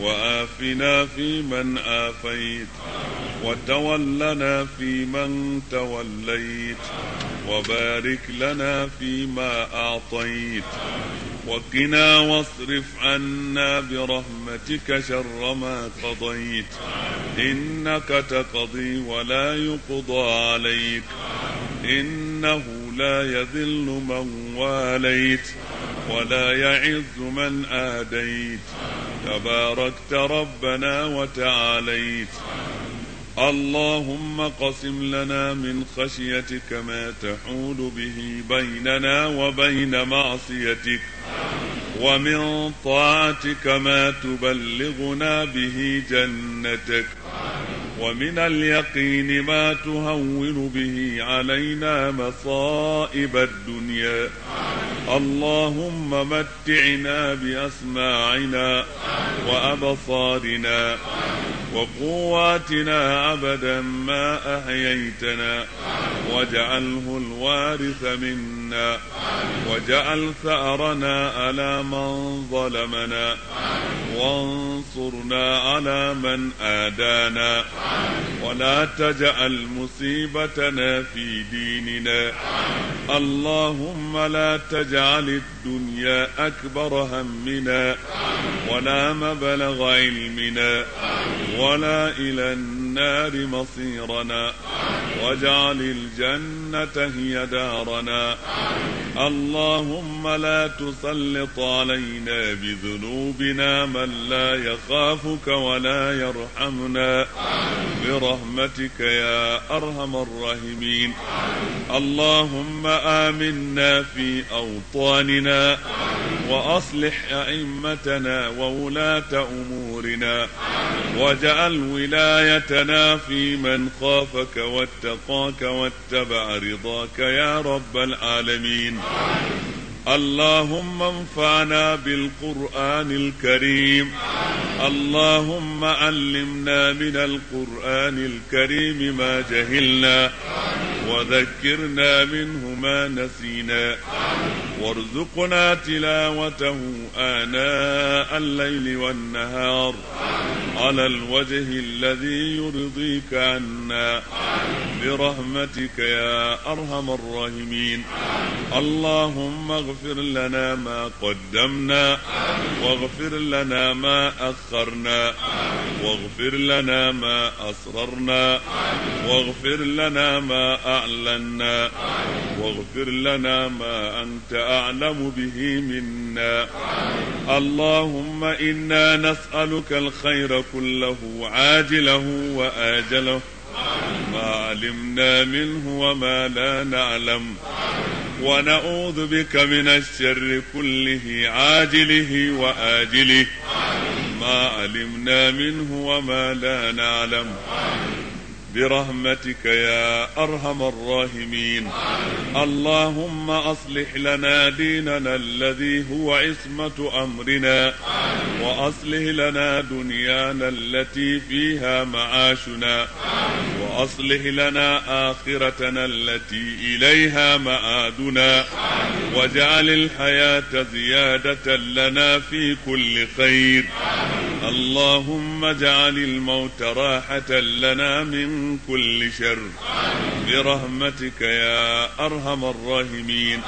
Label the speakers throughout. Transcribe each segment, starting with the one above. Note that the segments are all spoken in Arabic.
Speaker 1: وآفنا فيمن آفيت وتولنا فيمن توليت وبارك لنا فيما أعطيت وقنا واصرف عنا برحمتك شر ما قضيت إنك تقضي ولا يقضى عليك إنه لا يذل من واليت ولا يعز من آديت تباركت ربنا وتعاليت اللهم قسم لنا من خشيتك ما تحول به بيننا وبين معصيتك ومن طاعتك ما تبلغنا به جنتك ومن اليقين ما تهون به علينا مصائب الدنيا اللهم متعنا بأسماعنا وأبصارنا وقواتنا أبدا ما أحييتنا واجعله الوارث منا واجعل ثأرنا على من ظلمنا وانصرنا على من آدانا ولا تجعل مصيبتنا في ديننا اللهم لا تجعل الدنيا أكبر همنا ولا مبلغ علمنا ولا إلى النار النار مصيرنا واجعل الجنة هي دارنا اللهم لا تسلط علينا بذنوبنا من لا يخافك ولا يرحمنا برحمتك يا أرحم الراحمين اللهم آمنا في أوطاننا وأصلح أئمتنا وولاة أمورنا واجعل ولايتنا في من خافك واتقاك واتبع رضاك يا رب العالمين اللهم انفعنا بالقرآن الكريم اللهم علمنا من القرآن الكريم ما جهلنا وذكرنا منه ما نسينا وارزقنا تلاوته آناء الليل والنهار على الوجه الذي يرضيك عنا برحمتك يا أرحم الراحمين اللهم اغفر لنا ما قدمنا واغفر لنا ما أخرنا واغفر لنا ما أسررنا واغفر لنا ما أعلنا واغفر لنا ما أنت أعلم به منا اللهم إنا نسألك الخير كله عاجله وآجله ما علمنا منه وما لا نعلم ونعوذ بك من الشر كله عاجله وآجله ما علمنا منه وما لا نعلم برحمتك يا ارحم الراحمين اللهم اصلح لنا ديننا الذي هو عصمه امرنا واصلح لنا دنيانا التي فيها معاشنا واصلح لنا اخرتنا التي اليها مآدنا واجعل الحياه زياده لنا في كل خير اللهم اجعل الموت راحة لنا من كل شر برحمتك يا أرحم الراحمين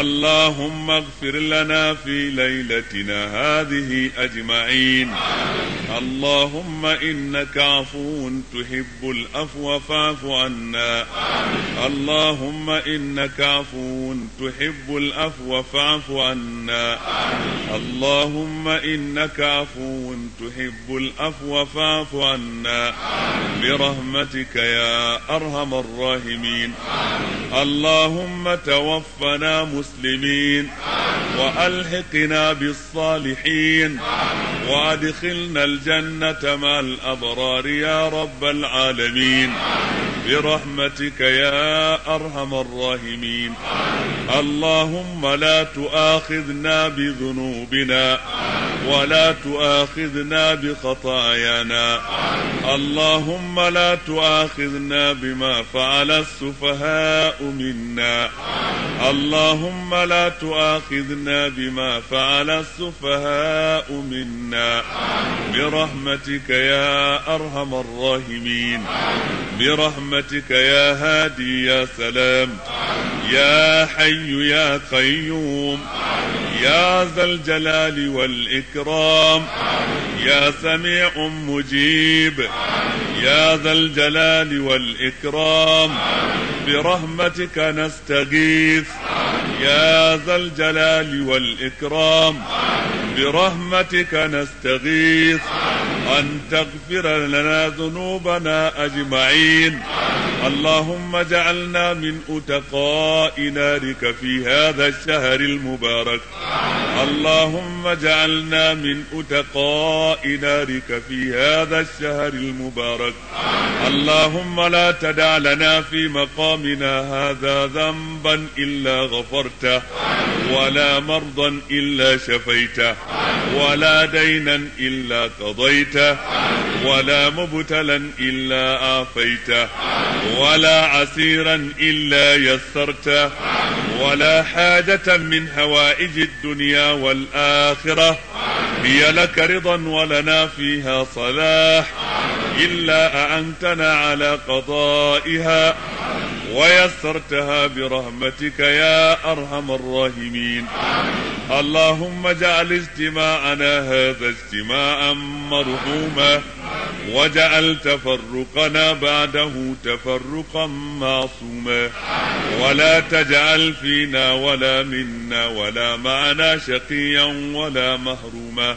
Speaker 1: اللهم اغفر لنا في ليلتنا هذه أجمعين اللهم إنك عفو تحب الأفو فاعف عنا اللهم إنك عفو تحب الأفو فاعف عنا اللهم إنك عفو عفو تحب العفو فاعف عنا برحمتك يا أرحم الراحمين اللهم توفنا مسلمين وألحقنا بالصالحين وأدخلنا الجنة مع الأبرار يا رب العالمين برحمتك يا أرحم الراحمين اللهم لا تؤاخذنا بذنوبنا ولا تؤاخذنا بخطايانا اللهم لا تؤاخذنا بما فعل السفهاء منا اللهم لا تؤاخذنا بما فعل السفهاء منا برحمتك يا أرحم الراحمين برحمتك برحمتك يا هادي يا سلام يا حي يا قيوم يا ذا الجلال والإكرام يا سميع مجيب يا ذا الجلال والإكرام برحمتك نستغيث يا ذا الجلال والإكرام برحمتك نستغيث أن تغفر لنا ذنوبنا أجمعين اللهم اجعلنا من أتقاء نارك في هذا الشهر المبارك اللهم اجعلنا من أتقاء نارك في هذا الشهر المبارك اللهم لا تدع لنا في مقامنا هذا ذنبا إلا غفرته ولا مرضا إلا شفيته ولا دينا إلا قضيته ولا مبتلا إلا آفيته ولا عسيرا إلا يسرته ولا حاجة من حوائج الدنيا والآخرة هي لك رضا ولنا فيها صلاح إلا أأنتنا على قضائها ويسرتها برحمتك يا أرحم الراحمين اللهم اجعل اجتماعنا هذا اجتماعا مرحوما وجعل تفرقنا بعده تفرقا معصوما ولا تجعل فينا ولا منا ولا معنا شقيا ولا محروما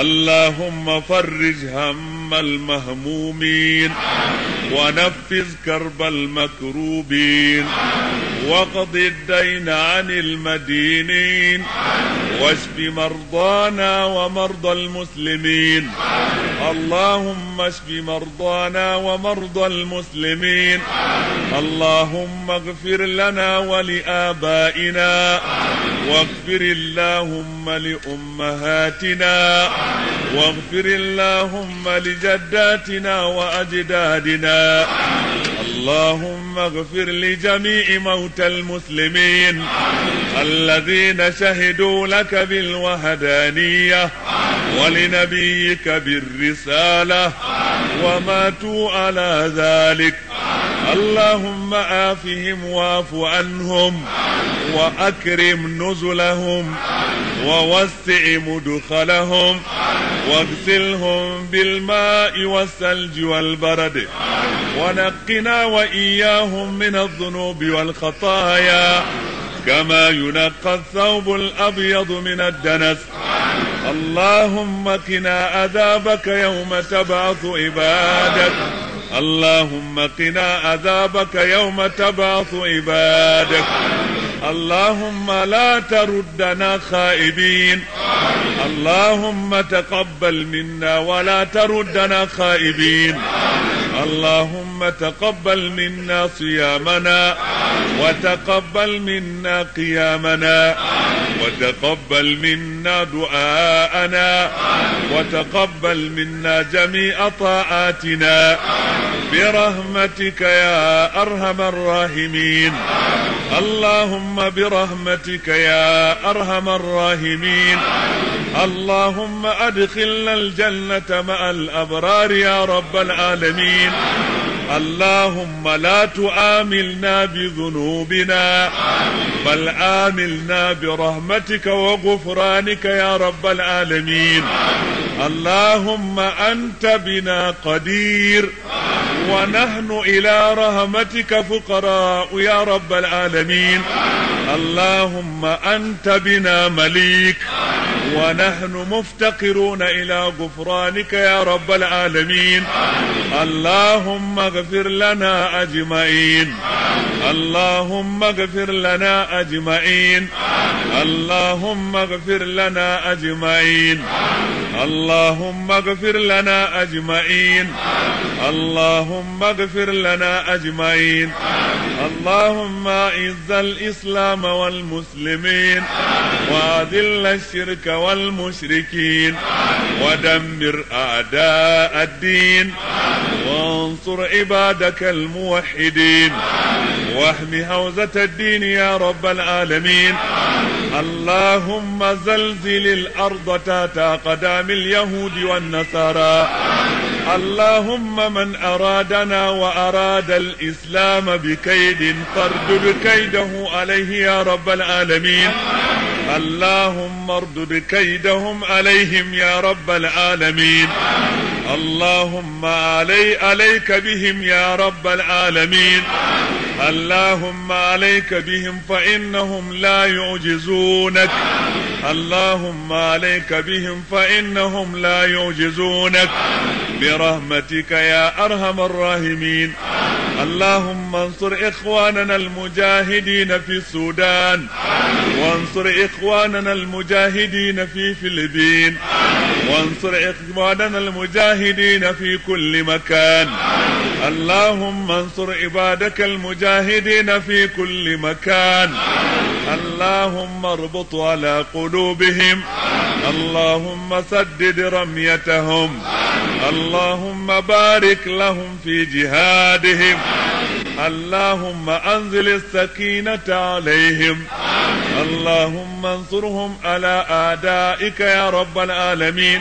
Speaker 1: اللهم فرج هم المهمومين آمين. ونفذ كرب المكروبين وقض الدين عن المدينين واشف مرضانا ومرضى المسلمين اللهم اشف مرضانا ومرضى المسلمين اللهم اغفر لنا ولآبائنا واغفر اللهم لأمهاتنا واغفر اللهم لجداتنا وأجدادنا اللهم اغفر لجميع موتى المسلمين الذين شهدوا لك بالوهدانية ولنبيك بالرسالة وماتوا على ذلك اللهم آفهم واف عنهم وأكرم نزلهم ووسع مدخلهم واغسلهم بالماء والثلج والبرد ونقنا وإياهم من الذنوب والخطايا كما ينقى الثوب الأبيض من الدنس اللهم قنا عذابك يوم تبعث عبادك اللهم قنا عذابك يوم تبعث عبادك اللهم لا تردنا خائبين اللهم تقبل منا ولا تردنا خائبين اللهم تقبل منا صيامنا وتقبل منا قيامنا وتقبل منا دعاءنا وتقبل منا جميع طاعاتنا برحمتك يا أرحم الراحمين اللهم برحمتك يا أرحم الراحمين اللهم أدخلنا الجنة مع الأبرار يا رب العالمين اللهم لا تعاملنا بذنوبنا بل عاملنا برحمتك وغفرانك يا رب العالمين اللهم أنت بنا قدير ونحن إلى رحمتك فقراء يا رب العالمين اللهم أنت بنا مليك ونحن مفتقرون إلى غفرانك يا رب العالمين اللهم اغفر لنا أجمعين اللهم اغفر لنا أجمعين اللهم اغفر لنا أجمعين اللهم اغفر لنا أجمعين اللهم اغفر لنا أجمعين اللهم أعز الإسلام والمسلمين وأذل الشرك والمشركين ودمر أعداء الدين وانصر عبادك الموحدين واحم حوزة الدين يا رب العالمين اللهم زلزل الأرض تاتا قدام زعم اليهود والنصارى اللهم من أرادنا وأراد الإسلام بكيد فاردد كيده عليه يا رب العالمين اللهم اردد كيدهم عليهم يا رب العالمين اللهم علي عليك بهم يا رب العالمين اللهم عليك بهم فإنهم لا يعجزونك اللهم عليك بهم فإنهم لا يعجزونك برحمتك يا أرحم الراحمين اللهم انصر إخواننا المجاهدين في السودان وانصر إخواننا المجاهدين في فلبين وانصر إخواننا المجاهدين في كل مكان اللهم انصر عبادك المجاهدين في كل مكان اللهم اربط على قلوبهم اللهم سدد رميتهم اللهم بارك لهم في جهادهم اللهم أنزل السكينة عليهم اللهم انصرهم على أعدائك يا رب العالمين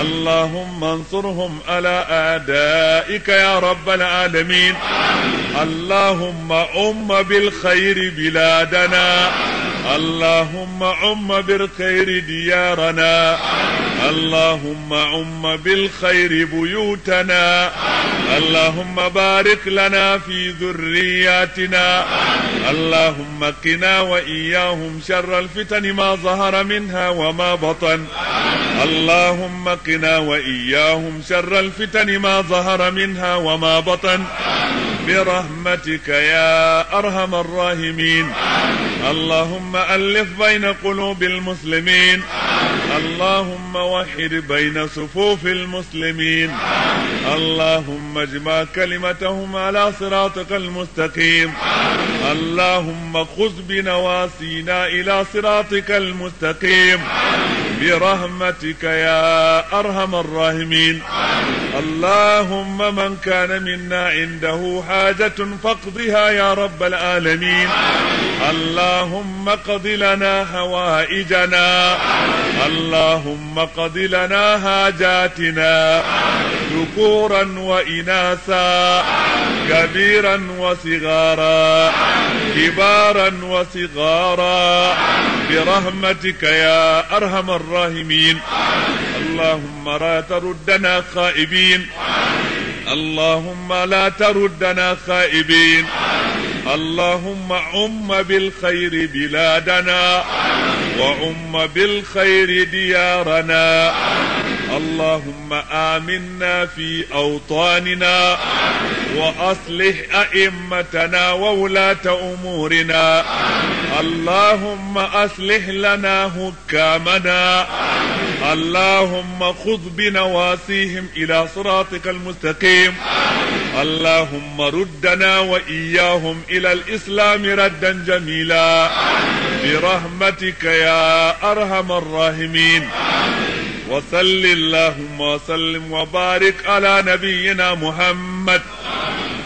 Speaker 1: اللهم انصرهم على أعدائك يا رب العالمين اللهم أم بالخير بلادنا اللهم أم بالخير ديارنا اللهم أم بالخير بيوتنا اللهم بارك لنا في ذرياتنا اللهم قنا وإياهم شر الفتن ما ظهر منها وما بطن اللهم قنا وإياهم شر الفتن ما ظهر منها وما بطن برحمتك يا أرحم الراحمين اللهم ألف بين قلوب المسلمين اللهم وحد بين صفوف المسلمين اللهم اجمع كلمتهم على صراطك المستقيم اللهم خذ بنواسينا إلى صراطك المستقيم برحمتك يا أرحم الراحمين اللهم من كان منا عنده حاجة فاقضها يا رب العالمين اللهم قض لنا حوائجنا اللهم قض لنا حاجاتنا ذكورا وإناثا كبيرا وصغارا كبارا وصغارا برحمتك يا أرحم الراحمين اللهم لا تردنا خائبين اللهم لا تردنا خائبين اللهم عم بالخير بلادنا وعم بالخير ديارنا اللهم آمنا في أوطاننا وأصلح أئمتنا وولاة أمورنا اللهم أصلح لنا حكامنا اللهم خذ بنواصيهم إلى صراطك المستقيم اللهم ردنا وإياهم إلى الإسلام ردا جميلا برحمتك يا أرحم الراحمين وصل اللهم وسلم وبارك على نبينا محمد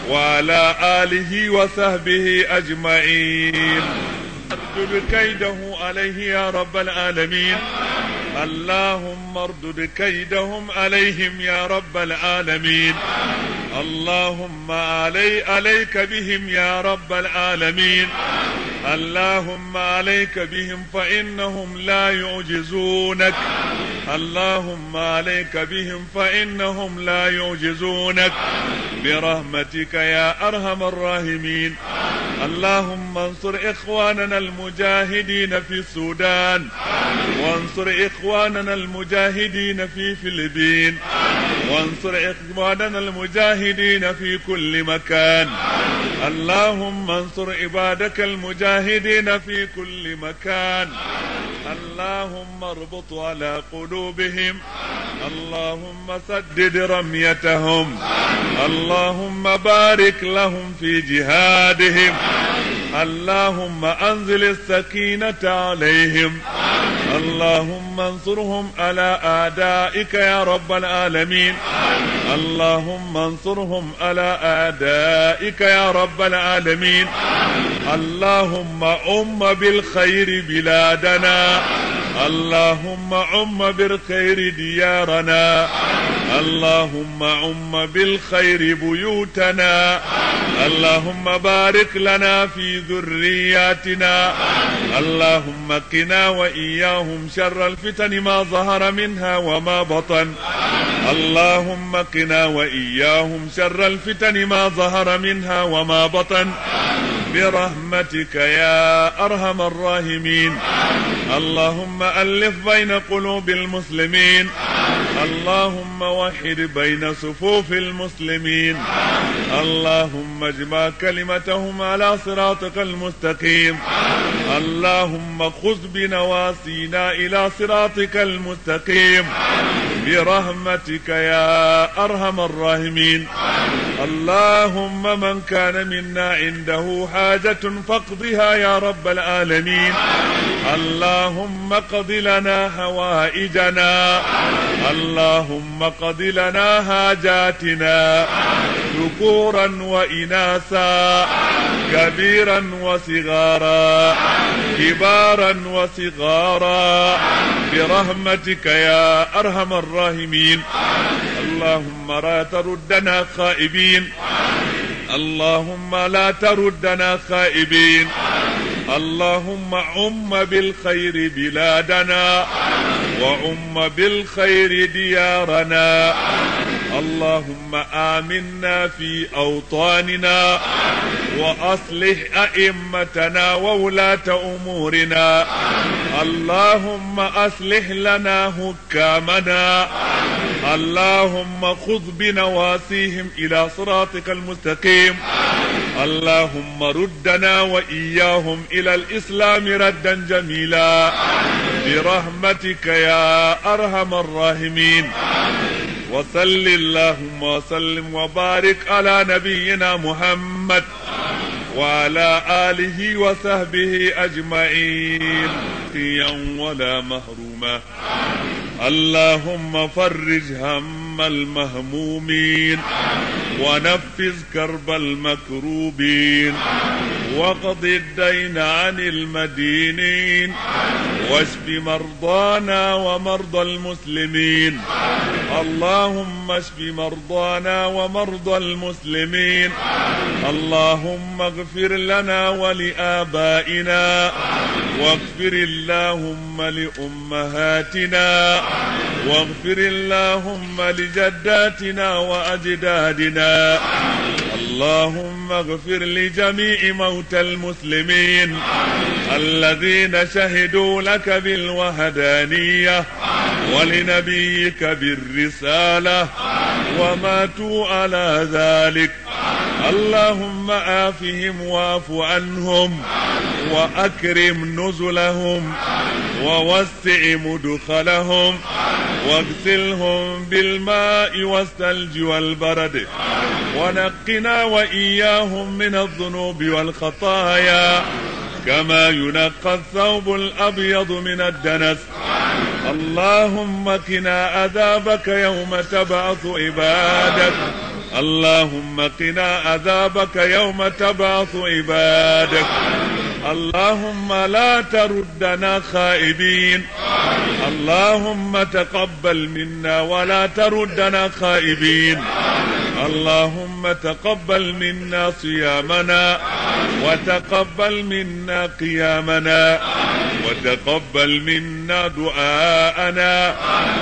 Speaker 1: وعلى آله وصحبه أجمعين اردد كيده عليه يا رب العالمين اللهم اردد كيدهم عليهم يا رب العالمين اللهم علي عليك بهم يا رب العالمين اللهم عليك بهم فإنهم لا يعجزونك اللهم عليك بهم فإنهم لا يعجزونك برحمتك يا أرحم الراحمين اللهم انصر إخواننا المجاهدين في السودان وانصر إخواننا المجاهدين في فلبين وانصر إخواننا المجاهدين في كل مكان اللهم انصر عبادك المجاهدين في كل مكان اللهم اربط على قلوبهم اللهم سدد رميتهم اللهم بارك لهم في جهادهم اللهم أنزل السكينة عليهم اللهم انصرهم على أعدائك يا رب العالمين اللهم انصرهم على أعدائك يا رب العالمين اللهم أم بالخير بلادنا اللهم أم بالخير ديارنا اللهم عم بالخير بيوتنا اللهم بارك لنا في ذرياتنا اللهم قنا وإياهم شر الفتن ما ظهر منها وما بطن اللهم قنا وإياهم شر الفتن ما ظهر منها وما بطن برحمتك يا أرحم الراحمين اللهم ألف بين قلوب المسلمين اللهم وحد بين صفوف المسلمين اللهم اجمع كلمتهم على صراطك المستقيم اللهم خذ بنواسينا إلى صراطك المستقيم برحمتك يا أرحم الراحمين اللهم من كان منا عنده حاجة فاقضها يا رب العالمين اللهم قض لنا حوائجنا اللهم قض لنا حاجاتنا ذكورا وإناثا كبيرا وصغارا كبارا وصغارا برحمتك يا أرحم الراحمين اللهم لا تردنا خائبين اللهم لا تردنا خائبين اللهم عم بالخير بلادنا وعم بالخير ديارنا اللهم آمنا في أوطاننا وأصلح أئمتنا وولاة أمورنا اللهم أصلح لنا حكامنا اللهم خذ بنواسيهم إلى صراطك المستقيم اللهم ردنا وإياهم إلى الإسلام ردا جميلا برحمتك يا أرحم الراحمين وصل اللهم وسلم وبارك على نبينا محمد وعلى آله وصحبه أجمعين قيا ولا مهروما آمين اللهم فرج هم المهمومين ونفذ كرب المكروبين وقض الدين عن المدينين واشف مرضانا ومرضى المسلمين اللهم اشف مرضانا ومرضى المسلمين اللهم اغفر لنا ولآبائنا واغفر اللهم لأمهاتنا واغفر اللهم لجداتنا وأجدادنا اللهم اغفر لجميع موتى المسلمين الذين شهدوا لك بالوهدانية ولنبيك بالرسالة وماتوا على ذلك اللهم آفهم واف عنهم وأكرم نزلهم ووسع مدخلهم واغسلهم بالماء والثلج والبرد ونقنا وإياهم من الذنوب والخطايا كما ينقى الثوب الأبيض من الدنس اللهم قنا عذابك يوم تبعث عبادك اللهم قنا عذابك يوم تبعث عبادك اللهم لا تردنا خائبين اللهم تقبل منا ولا تردنا خائبين اللهم تقبل منا صيامنا وتقبل منا قيامنا وتقبل منا دعاءنا